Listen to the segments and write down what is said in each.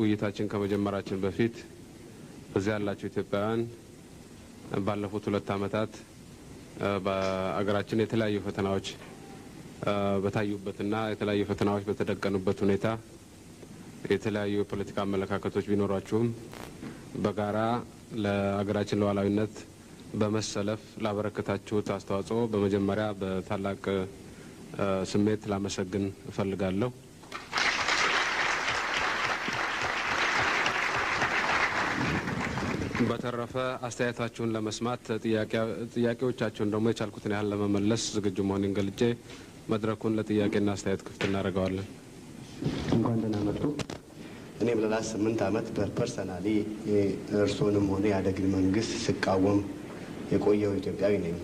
ውይይታችን ከመጀመራችን በፊት እዚያ ያላቸው ኢትዮጵያውያን ባለፉት ሁለት ዓመታት በአገራችን የተለያዩ ፈተናዎች በታዩበትና የተለያዩ ፈተናዎች በተደቀኑበት ሁኔታ የተለያዩ የፖለቲካ አመለካከቶች ቢኖሯችሁም በጋራ ለሀገራችን ለዋላዊነት በመሰለፍ ላበረከታችሁት አስተዋጽኦ በመጀመሪያ በታላቅ ስሜት ላመሰግን እፈልጋለሁ። በተረፈ አስተያየታችሁን ለመስማት ጥያቄዎቻችሁን ደግሞ የቻልኩትን ያህል ለመመለስ ዝግጁ መሆኔን ገልጬ መድረኩን ለጥያቄና አስተያየት ክፍት እናደርገዋለን። እንኳን ደህና መጡ። እኔ ለራስ ስምንት ዓመት በፐርሰናሊ እርስዎንም ሆነ የአደግን መንግስት ስቃወም የቆየው ኢትዮጵያዊ ነኝ።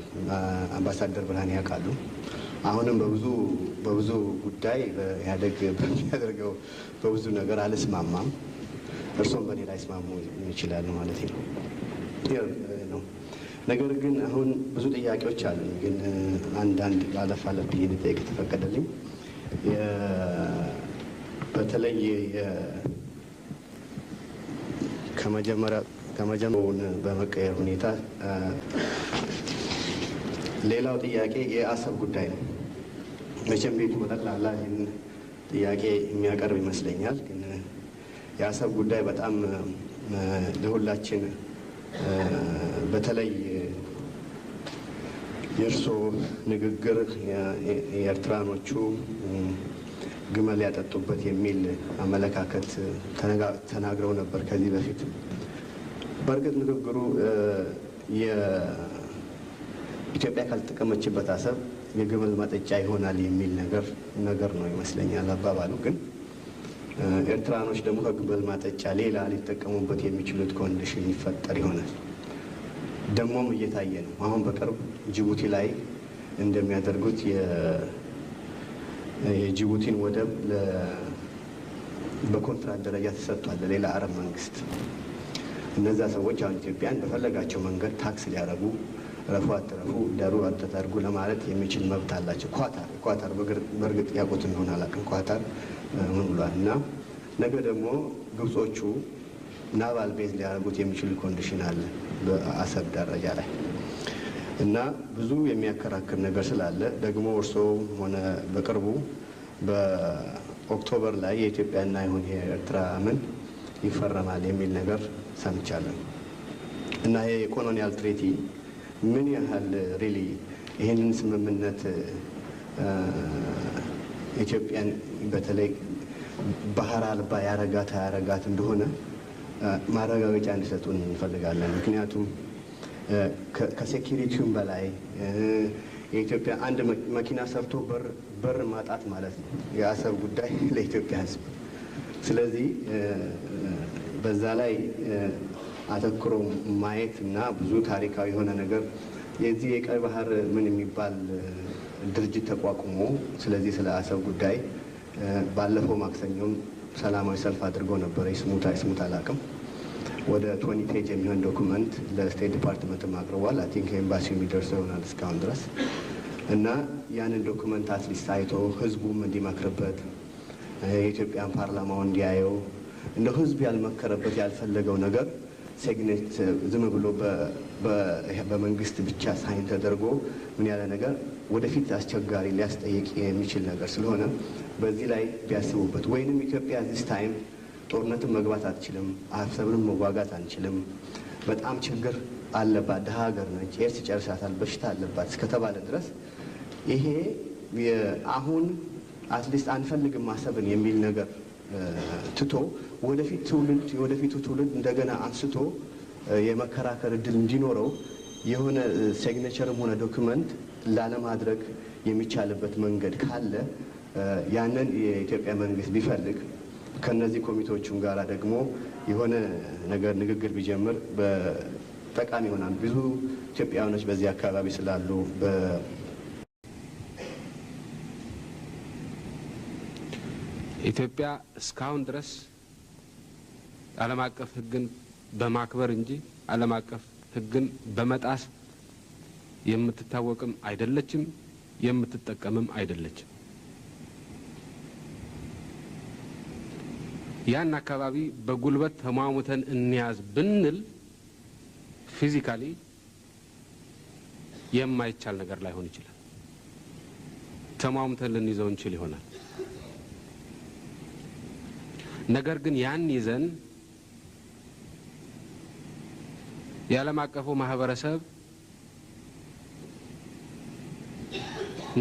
አምባሳደር ብርሃን ያውቃሉ። አሁንም በብዙ በብዙ ጉዳይ በኢህአደግ በሚያደርገው በብዙ ነገር አልስማማም። እርሶም በእኔ ላይ ስማሙ ይችላሉ ማለት ነው። ነገር ግን አሁን ብዙ ጥያቄዎች አሉ። ግን አንዳንድ አለፍ አለፍ ብዬ ልጠይቅ ተፈቀደልኝ። በተለይ ከመጀመሪያውን በመቀየር ሁኔታ ሌላው ጥያቄ የአሰብ ጉዳይ ነው። መቼም ቤቱ በጠቅላላ ይህን ጥያቄ የሚያቀርብ ይመስለኛል። ግን የአሰብ ጉዳይ በጣም ለሁላችን በተለይ የእርስዎ ንግግር የኤርትራኖቹ ግመል ያጠጡበት የሚል አመለካከት ተናግረው ነበር ከዚህ በፊት። በእርግጥ ንግግሩ የኢትዮጵያ ካልተጠቀመችበት አሰብ የግመል ማጠጫ ይሆናል የሚል ነገር ነገር ነው ይመስለኛል አባባሉ ግን ኤርትራኖች ደግሞ ከግበል ማጠጫ ሌላ ሊጠቀሙበት የሚችሉት ኮንዲሽን ይፈጠር ይሆናል። ደግሞም እየታየ ነው። አሁን በቅርብ ጅቡቲ ላይ እንደሚያደርጉት የጅቡቲን ወደብ በኮንትራት ደረጃ ተሰጥቷል ለሌላ አረብ መንግስት። እነዛ ሰዎች አሁን ኢትዮጵያን በፈለጋቸው መንገድ ታክስ ሊያረጉ እረፉ አትረፉ ደሩ አትጠርጉ ለማለት የሚችል መብት አላቸው። ኳታር ኳታር በእርግጥ ያውቁት እንደሆነ አላውቅም። ኳታር ምን ብሏል? እና ነገ ደግሞ ግብጾቹ ናቫል ቤዝ ሊያደርጉት የሚችል ኮንዲሽን አለ በአሰብ ደረጃ ላይ እና ብዙ የሚያከራክር ነገር ስላለ ደግሞ እርስዎ ሆነ በቅርቡ በኦክቶበር ላይ የኢትዮጵያና ይሁን የኤርትራ ምን ይፈረማል የሚል ነገር ሰምቻለን እና ይሄ የኮሎኒያል ትሬቲ ምን ያህል ሪሊ ይህንን ስምምነት ኢትዮጵያን በተለይ ባህር አልባ ያረጋት አያረጋት እንደሆነ ማረጋገጫ እንዲሰጡን እንፈልጋለን። ምክንያቱም ከሴኪሪቲውም በላይ የኢትዮጵያ አንድ መኪና ሰርቶ በር ማጣት ማለት ነው የአሰብ ጉዳይ ለኢትዮጵያ ሕዝብ። ስለዚህ በዛ ላይ አተኩሮ ማየት እና ብዙ ታሪካዊ የሆነ ነገር የዚህ የቀይ ባህር ምን የሚባል ድርጅት ተቋቁሞ ስለዚህ ስለ አሰብ ጉዳይ ባለፈው ማክሰኞም ሰላማዊ ሰልፍ አድርጎ ነበረ። ይስሙት አላቅም። ወደ ቶኒ ፔጅ የሚሆን ዶኩመንት ለስቴት ዲፓርትመንትም አቅርቧል። አይ ኤምባሲ የሚደርሰው ይሆናል እስካሁን ድረስ እና ያንን ዶኩመንት አትሊስት አይቶ ህዝቡም እንዲመክርበት የኢትዮጵያን ፓርላማው እንዲያየው እንደ ህዝብ ያልመከረበት ያልፈለገው ነገር ሴግኔት ዝም ብሎ በመንግስት ብቻ ሳይን ተደርጎ ምን ያለ ነገር ወደፊት አስቸጋሪ ሊያስጠይቅ የሚችል ነገር ስለሆነ በዚህ ላይ ቢያስቡበት፣ ወይንም ኢትዮጵያ ዚስ ታይም ጦርነትን መግባት አትችልም፣ አሰብንም መዋጋት አንችልም፣ በጣም ችግር አለባት፣ ድሀ ሀገር ነች፣ ኤርስ ጨርሳታል፣ በሽታ አለባት እስከተባለ ድረስ ይሄ አሁን አትሊስት አንፈልግም አሰብን የሚል ነገር ትቶ ወደፊት ትውልድ የወደፊቱ ትውልድ እንደገና አንስቶ የመከራከር እድል እንዲኖረው የሆነ ሲግኔቸርም ሆነ ዶክመንት ላለማድረግ የሚቻልበት መንገድ ካለ ያንን የኢትዮጵያ መንግስት ቢፈልግ ከነዚህ ኮሚቴዎቹም ጋር ደግሞ የሆነ ነገር ንግግር ቢጀምር በጠቃሚ ይሆናል። ብዙ ኢትዮጵያውያኖች በዚህ አካባቢ ስላሉ ኢትዮጵያ እስካሁን ድረስ ዓለም አቀፍ ሕግን በማክበር እንጂ ዓለም አቀፍ ሕግን በመጣስ የምትታወቅም አይደለችም፣ የምትጠቀምም አይደለችም። ያን አካባቢ በጉልበት ተሟሙተን እንያዝ ብንል ፊዚካሊ የማይቻል ነገር ላይሆን ይችላል። ተሟሙተን ልንይዘው እንችል ይሆናል። ነገር ግን ያን ይዘን የዓለም አቀፉ ማህበረሰብ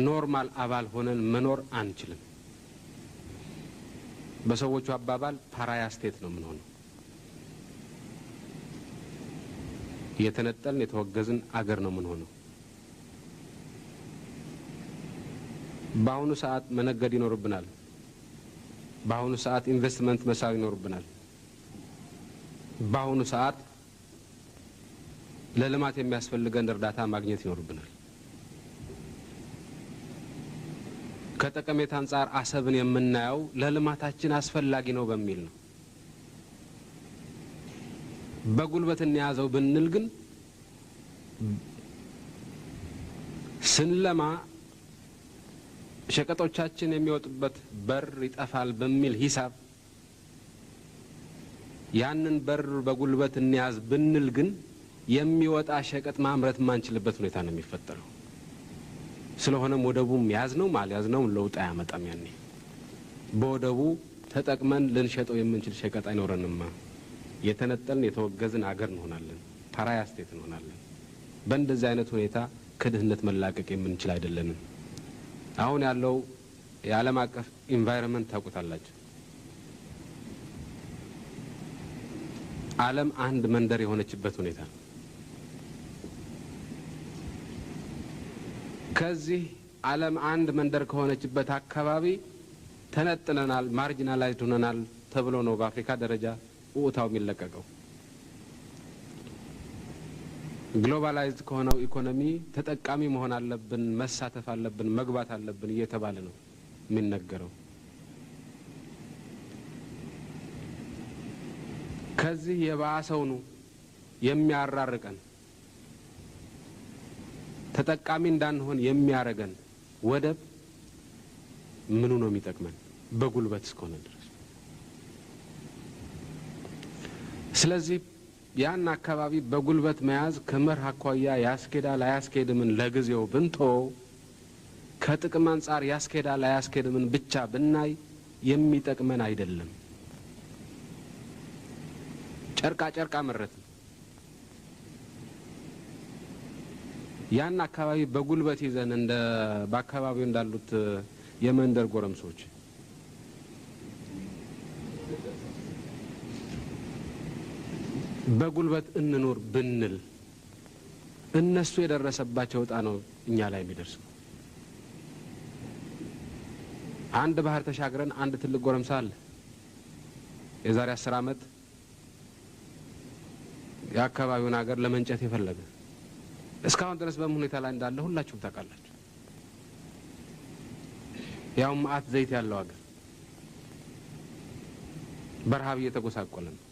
ኖርማል አባል ሆነን መኖር አንችልም። በሰዎቹ አባባል ፓራያ ስቴት ነው የምንሆነው። የተነጠልን የተወገዝን አገር ነው የምንሆነው። በአሁኑ ሰዓት መነገድ ይኖርብናል። በአሁኑ ሰዓት ኢንቨስትመንት መሳብ ይኖርብናል። በአሁኑ ሰዓት ለልማት የሚያስፈልገን እርዳታ ማግኘት ይኖርብናል። ከጠቀሜታ አንጻር አሰብን የምናየው ለልማታችን አስፈላጊ ነው በሚል ነው። በጉልበት እንያዘው ብንል ግን ስንለማ ሸቀጦቻችን የሚወጡበት በር ይጠፋል በሚል ሂሳብ ያንን በር በጉልበት እንያዝ ብንል ግን የሚወጣ ሸቀጥ ማምረት የማንችልበት ሁኔታ ነው የሚፈጠረው። ስለሆነም ወደቡም ያዝነውም አልያዝነውም ለውጥ አያመጣም። ያኔ በወደቡ ተጠቅመን ልንሸጠው የምንችል ሸቀጥ አይኖረንማ። የተነጠልን የተወገዝን አገር እንሆናለን። ፓራያ ስቴት እንሆናለን። በእንደዚህ አይነት ሁኔታ ከድህነት መላቀቅ የምንችል አይደለንም። አሁን ያለው የዓለም አቀፍ ኢንቫይሮንመንት ታውቁታላችሁ። ዓለም አንድ መንደር የሆነችበት ሁኔታ ነው። ከዚህ ዓለም አንድ መንደር ከሆነችበት አካባቢ ተነጥነናል፣ ማርጂናላይዝድ ሆነናል ተብሎ ነው በአፍሪካ ደረጃ ውእታው የሚለቀቀው። ግሎባላይዝድ ከሆነው ኢኮኖሚ ተጠቃሚ መሆን አለብን፣ መሳተፍ አለብን፣ መግባት አለብን እየተባለ ነው የሚነገረው። ከዚህ የባሰውኑ የሚያራርቀን ተጠቃሚ እንዳንሆን የሚያረገን ወደብ ምኑ ነው የሚጠቅመን? በጉልበት እስከሆነ ድረስ። ስለዚህ ያን አካባቢ በጉልበት መያዝ ከመርህ አኳያ ያስኬዳል አያስኬድምን ለጊዜው ብንቶ ከጥቅም አንጻር ያስኬዳል አያስኬድምን ብቻ ብናይ የሚጠቅመን አይደለም። ጨርቃ ጨርቃ አመረትን። ያን አካባቢ በጉልበት ይዘን እንደ በአካባቢው እንዳሉት የመንደር ጎረምሶች በጉልበት እንኖር ብንል እነሱ የደረሰባቸው እጣ ነው እኛ ላይ የሚደርሰው። አንድ ባህር ተሻግረን አንድ ትልቅ ጎረምሳ አለ። የዛሬ አስር ዓመት የአካባቢውን ሀገር ለመንጨት የፈለገ እስካሁን ድረስ በምን ሁኔታ ላይ እንዳለ ሁላችሁም ታውቃላችሁ። ያውም መዓት ዘይት ያለው ሀገር በረሃብ እየተጎሳቆለ ነው።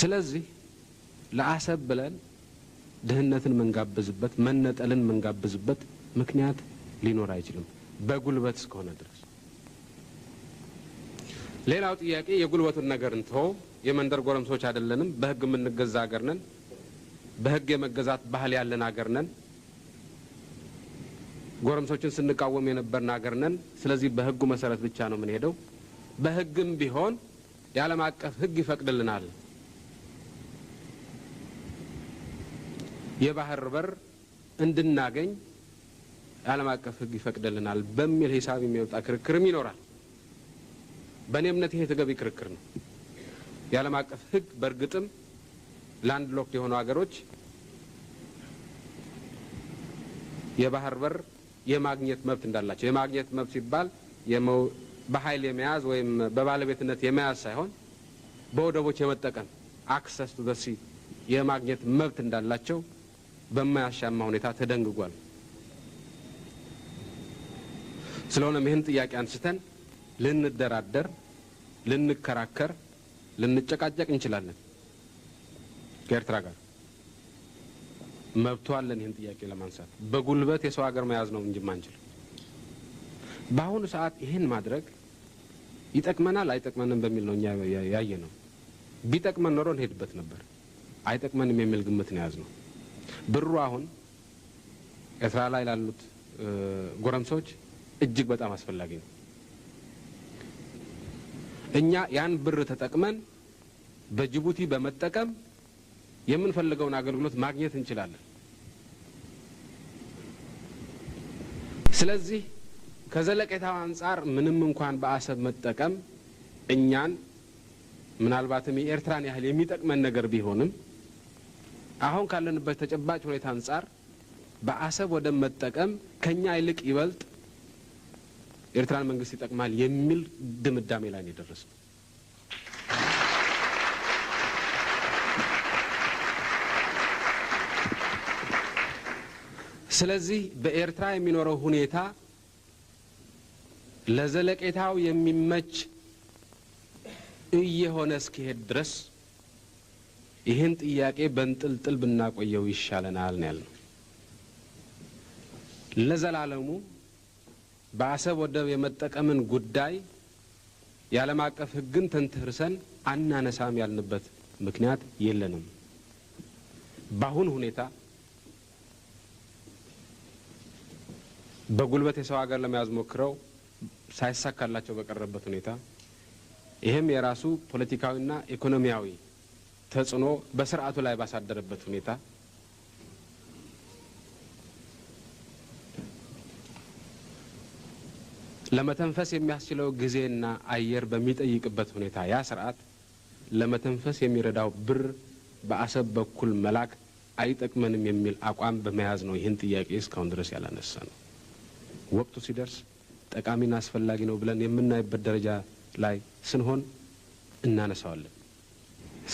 ስለዚህ ለአሰብ ብለን ድህነትን መንጋብዝበት መነጠልን መንጋብዝበት ምክንያት ሊኖር አይችልም፣ በጉልበት እስከሆነ ድረስ። ሌላው ጥያቄ የጉልበቱን ነገር እንተወው። የመንደር ጎረምሶች አይደለንም። በህግ የምንገዛ ሀገር ነን። በህግ የመገዛት ባህል ያለን ሀገር ነን። ጎረምሶችን ስንቃወም የነበርን ሀገር ነን። ስለዚህ በህጉ መሰረት ብቻ ነው የምንሄደው። በህግም ቢሆን የዓለም አቀፍ ህግ ይፈቅድልናል። የባህር በር እንድናገኝ የዓለም አቀፍ ህግ ይፈቅድልናል በሚል ሂሳብ የሚወጣ ክርክርም ይኖራል። በእኔ እምነት ይሄ ተገቢ ክርክር ነው። የዓለም አቀፍ ሕግ በእርግጥም ላንድ ሎክድ የሆኑ ሀገሮች የባህር በር የማግኘት መብት እንዳላቸው የማግኘት መብት ሲባል በኃይል የመያዝ ወይም በባለቤትነት የመያዝ ሳይሆን በወደቦች የመጠቀም አክሰስ ቱ ዘ ሲ የማግኘት መብት እንዳላቸው በማያሻማ ሁኔታ ተደንግጓል። ስለሆነም ይህን ጥያቄ አንስተን ልንደራደር፣ ልንከራከር ልንጨቃጨቅ እንችላለን ከኤርትራ ጋር መብቶ አለን ይህን ጥያቄ ለማንሳት። በጉልበት የሰው ሀገር መያዝ ነው እንጂ ማንችል። በአሁኑ ሰዓት ይህን ማድረግ ይጠቅመናል አይጠቅመንም በሚል ነው እኛ ያየ ነው። ቢጠቅመን ኖሮ እንሄድበት ነበር። አይጠቅመንም የሚል ግምት ነው ነው ብሩ አሁን ኤርትራ ላይ ላሉት ጎረምሶች እጅግ በጣም አስፈላጊ ነው። እኛ ያን ብር ተጠቅመን በጅቡቲ በመጠቀም የምንፈልገውን አገልግሎት ማግኘት እንችላለን። ስለዚህ ከዘለቄታው አንጻር ምንም እንኳን በአሰብ መጠቀም እኛን ምናልባትም የኤርትራን ያህል የሚጠቅመን ነገር ቢሆንም አሁን ካለንበት ተጨባጭ ሁኔታ አንጻር በአሰብ ወደብ መጠቀም ከእኛ ይልቅ ይበልጥ ኤርትራን መንግስት ይጠቅማል የሚል ድምዳሜ ላይ ነው ስለዚህ በኤርትራ የሚኖረው ሁኔታ ለዘለቄታው የሚመች እየሆነ እስኪሄድ ድረስ ይህን ጥያቄ በንጥልጥል ብናቆየው ይሻለናል ነው ያልነው። ለዘላለሙ በአሰብ ወደብ የመጠቀምን ጉዳይ የዓለም አቀፍ ሕግን ተንትርሰን አናነሳም ያልንበት ምክንያት የለንም። በአሁን ሁኔታ በጉልበት የሰው ሀገር ለመያዝ ሞክረው ሳይሳካላቸው በቀረበት ሁኔታ ይህም የራሱ ፖለቲካዊና ኢኮኖሚያዊ ተጽዕኖ በስርዓቱ ላይ ባሳደረበት ሁኔታ ለመተንፈስ የሚያስችለው ጊዜና አየር በሚጠይቅበት ሁኔታ ያ ስርዓት ለመተንፈስ የሚረዳው ብር በአሰብ በኩል መላክ አይጠቅመንም የሚል አቋም በመያዝ ነው ይህን ጥያቄ እስካሁን ድረስ ያላነሳ ነው። ወቅቱ ሲደርስ ጠቃሚና አስፈላጊ ነው ብለን የምናይበት ደረጃ ላይ ስንሆን እናነሳዋለን።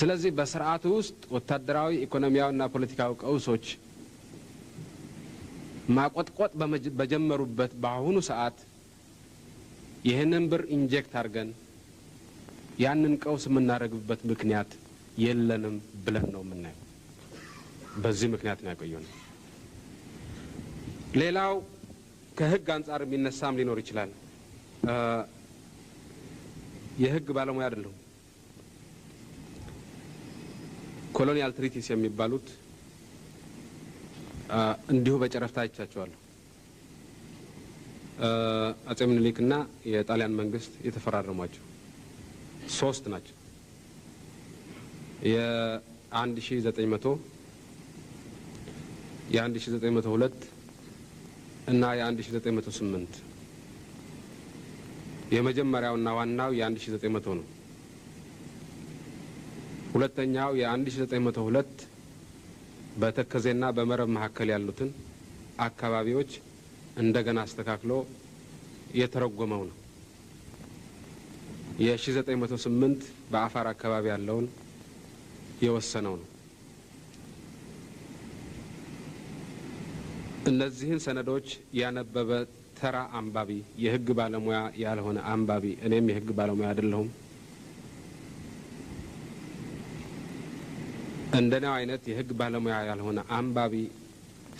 ስለዚህ በስርዓቱ ውስጥ ወታደራዊ፣ ኢኮኖሚያዊና ፖለቲካዊ ቀውሶች ማቆጥቆጥ በጀመሩበት በአሁኑ ሰዓት ይህንን ብር ኢንጀክት አድርገን ያንን ቀውስ የምናደርግበት ምክንያት የለንም ብለን ነው የምናየው። በዚህ ምክንያት ነው ያቆየ። ሌላው ከህግ አንጻር የሚነሳም ሊኖር ይችላል። የህግ ባለሙያ አይደለሁም። ኮሎኒያል ትሪቲስ የሚባሉት እንዲሁ በጨረፍታ አይቻቸዋለሁ። አጼ ምኒልክና የጣሊያን መንግስት የተፈራረሟቸው ሶስት ናቸው። የአንድ ሺ ዘጠኝ መቶ የአንድ ሺ ዘጠኝ መቶ ሁለት እና የአንድ ሺ ዘጠኝ መቶ ስምንት የመጀመሪያውና ዋናው የአንድ ሺ ዘጠኝ መቶ ነው። ሁለተኛው የአንድ ሺ ዘጠኝ መቶ ሁለት በተከዜና በመረብ መካከል ያሉትን አካባቢዎች እንደገና አስተካክሎ የተረጎመው ነው። የ1908 በአፋር አካባቢ ያለውን የወሰነው ነው። እነዚህን ሰነዶች ያነበበ ተራ አንባቢ፣ የህግ ባለሙያ ያልሆነ አንባቢ፣ እኔም የህግ ባለሙያ አይደለሁም፣ እንደኔው አይነት የህግ ባለሙያ ያልሆነ አንባቢ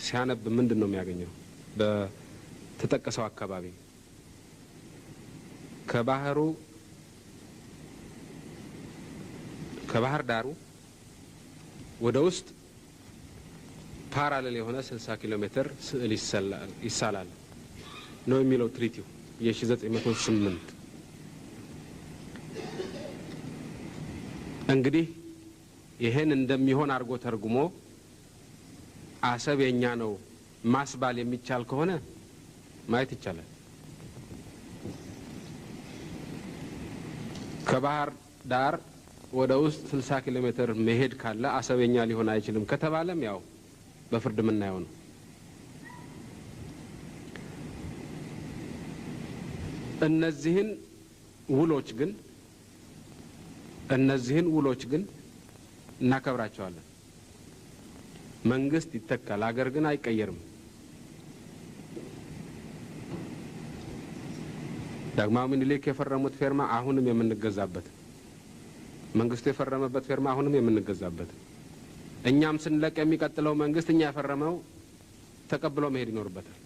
ሲያነብ ምንድን ነው የሚያገኘው? ተጠቀሰው አካባቢ ከባህሩ ከባህር ዳሩ ወደ ውስጥ ፓራሌል የሆነ 60 ኪሎ ሜትር ስዕል ይሳላል ነው የሚለው ትሪቲው የ1908 እንግዲህ ይህን እንደሚሆን አድርጎ ተርጉሞ አሰብ የእኛ ነው ማስባል የሚቻል ከሆነ ማየት ይቻላል። ከባህር ዳር ወደ ውስጥ 60 ኪሎ ሜትር መሄድ ካለ አሰበኛ ሊሆን አይችልም ከተባለም ያው በፍርድ የምናየው ነው። እነዚህን ውሎች ግን እነዚህን ውሎች ግን እናከብራቸዋለን። መንግስት ይተካል፣ አገር ግን አይቀየርም። ዳግማዊ ምኒልክ የፈረሙት ፌርማ አሁንም የምንገዛበት፣ መንግስቱ የፈረመበት ፌርማ አሁንም የምንገዛበት፣ እኛም ስንለቅ የሚቀጥለው መንግስት እኛ የፈረመው ተቀብሎ መሄድ ይኖርበታል።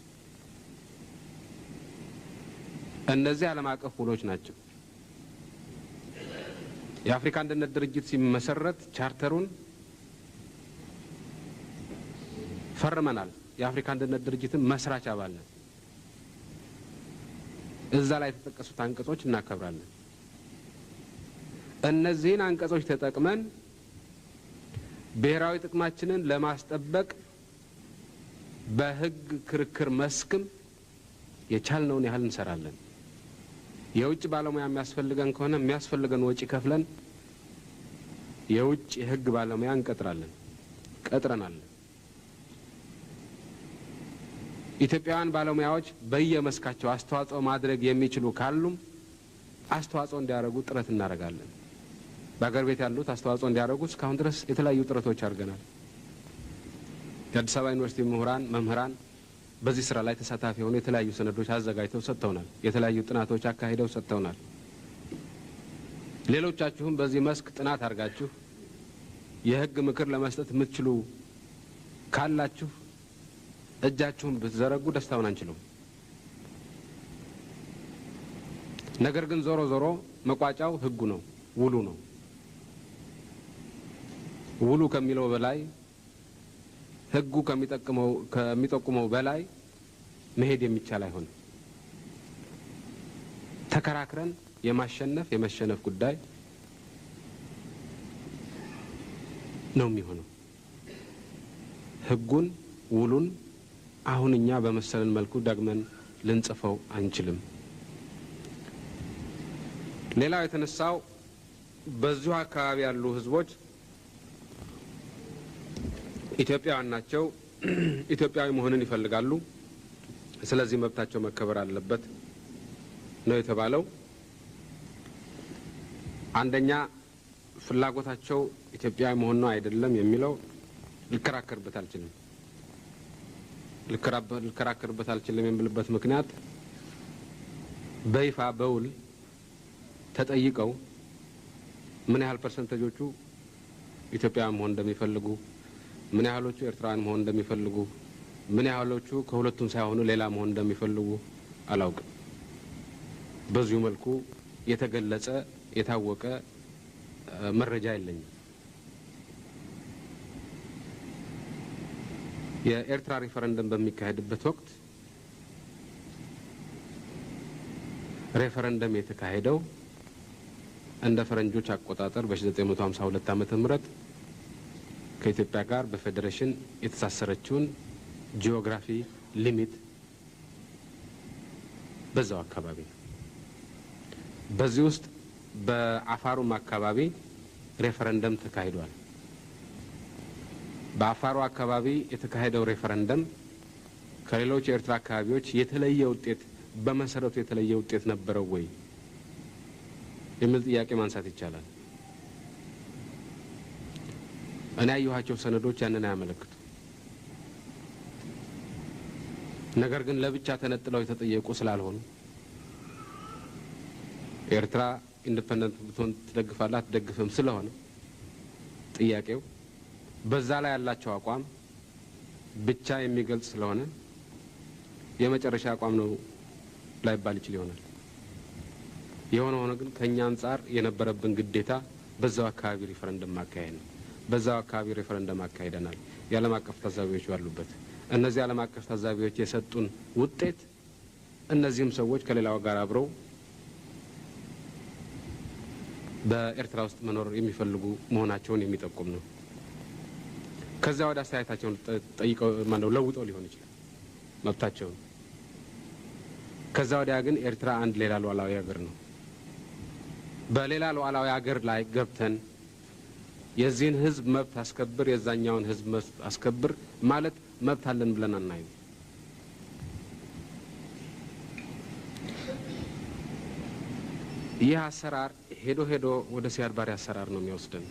እነዚህ ዓለም አቀፍ ውሎች ናቸው። የአፍሪካ አንድነት ድርጅት ሲመሰረት ቻርተሩን ፈርመናል። የአፍሪካ አንድነት ድርጅትን መስራች አባል ነን። እዛ ላይ የተጠቀሱት አንቀጾች እናከብራለን። እነዚህን አንቀጾች ተጠቅመን ብሔራዊ ጥቅማችንን ለማስጠበቅ በሕግ ክርክር መስክም የቻልነውን ያህል እንሰራለን። የውጭ ባለሙያ የሚያስፈልገን ከሆነ የሚያስፈልገን ወጪ ከፍለን የውጭ የሕግ ባለሙያ እንቀጥራለን፣ ቀጥረናለን። ኢትዮጵያውያን ባለሙያዎች በየመስካቸው አስተዋጽኦ ማድረግ የሚችሉ ካሉም አስተዋጽኦ እንዲያደርጉ ጥረት እናደርጋለን። በአገር ቤት ያሉት አስተዋጽኦ እንዲያደርጉ እስካሁን ድረስ የተለያዩ ጥረቶች አድርገናል። የአዲስ አበባ ዩኒቨርሲቲ ምሁራን፣ መምህራን በዚህ ስራ ላይ ተሳታፊ የሆኑ የተለያዩ ሰነዶች አዘጋጅተው ሰጥተውናል። የተለያዩ ጥናቶች አካሂደው ሰጥተውናል። ሌሎቻችሁም በዚህ መስክ ጥናት አድርጋችሁ የህግ ምክር ለመስጠት የምትችሉ ካላችሁ እጃችሁን ብትዘረጉ ደስታውን አንችሉም። ነገር ግን ዞሮ ዞሮ መቋጫው ህጉ ነው፣ ውሉ ነው። ውሉ ከሚለው በላይ ህጉ ከሚጠቁመው በላይ መሄድ የሚቻል አይሆንም። ተከራክረን የማሸነፍ የመሸነፍ ጉዳይ ነው የሚሆነው። ህጉን ውሉን አሁን እኛ በመሰለን መልኩ ደግመን ልንጽፈው አንችልም። ሌላው የተነሳው በዚሁ አካባቢ ያሉ ህዝቦች ኢትዮጵያውያን ናቸው፣ ኢትዮጵያዊ መሆንን ይፈልጋሉ። ስለዚህ መብታቸው መከበር አለበት ነው የተባለው። አንደኛ ፍላጎታቸው ኢትዮጵያዊ መሆን ነው አይደለም የሚለው ሊከራከርበት አልችልም። ልከራከርበት አልችልም የምልበት ምክንያት በይፋ በውል ተጠይቀው ምን ያህል ፐርሰንቴጆቹ ኢትዮጵያ መሆን እንደሚፈልጉ፣ ምን ያህሎቹ ኤርትራውያን መሆን እንደሚፈልጉ፣ ምን ያህሎቹ ከሁለቱም ሳይሆኑ ሌላ መሆን እንደሚፈልጉ አላውቅም። በዚሁ መልኩ የተገለጸ የታወቀ መረጃ የለኝም። የኤርትራ ሪፈረንደም በሚካሄድበት ወቅት ሬፈረንደም የተካሄደው እንደ ፈረንጆች አቆጣጠር በ1952 ዓ ም ከኢትዮጵያ ጋር በፌዴሬሽን የተሳሰረችውን ጂኦግራፊ ሊሚት በዛው አካባቢ ነው። በዚህ ውስጥ በአፋሩም አካባቢ ሬፈረንደም ተካሂዷል። በአፋሩ አካባቢ የተካሄደው ሬፈረንደም ከሌሎች የኤርትራ አካባቢዎች የተለየ ውጤት በመሰረቱ የተለየ ውጤት ነበረው ወይ የሚል ጥያቄ ማንሳት ይቻላል። እኔ ያየኋቸው ሰነዶች ያንን አያመለክቱ። ነገር ግን ለብቻ ተነጥለው የተጠየቁ ስላልሆኑ ኤርትራ ኢንዲፐንደንት ብትሆን ትደግፋላት ደግፍም ስለሆነ ጥያቄው በዛ ላይ ያላቸው አቋም ብቻ የሚገልጽ ስለሆነ የመጨረሻ አቋም ነው ላይባል ይችል ይሆናል። የሆነ ሆነ ግን ከእኛ አንጻር የነበረብን ግዴታ በዛው አካባቢ ሪፈረንደም ማካሄድ ነው። በዛው አካባቢ ሪፈረንደም አካሄደናል፣ የዓለም አቀፍ ታዛቢዎች ባሉበት። እነዚህ ዓለም አቀፍ ታዛቢዎች የሰጡን ውጤት እነዚህም ሰዎች ከሌላው ጋር አብረው በኤርትራ ውስጥ መኖር የሚፈልጉ መሆናቸውን የሚጠቁም ነው። ከዛ ወደ አስተያየታቸውን ጠይቀው ማነው ለውጠው ሊሆን ይችላል መብታቸውን። ከዛ ወዲያ ግን ኤርትራ አንድ ሌላ ሉዓላዊ ሀገር ነው። በሌላ ሉዓላዊ ሀገር ላይ ገብተን የዚህን ህዝብ መብት አስከብር፣ የዛኛውን ህዝብ መብት አስከብር ማለት መብት አለን ብለን አናይም። ይህ አሰራር ሄዶ ሄዶ ወደ ሲያድባሪ አሰራር ነው የሚወስደን።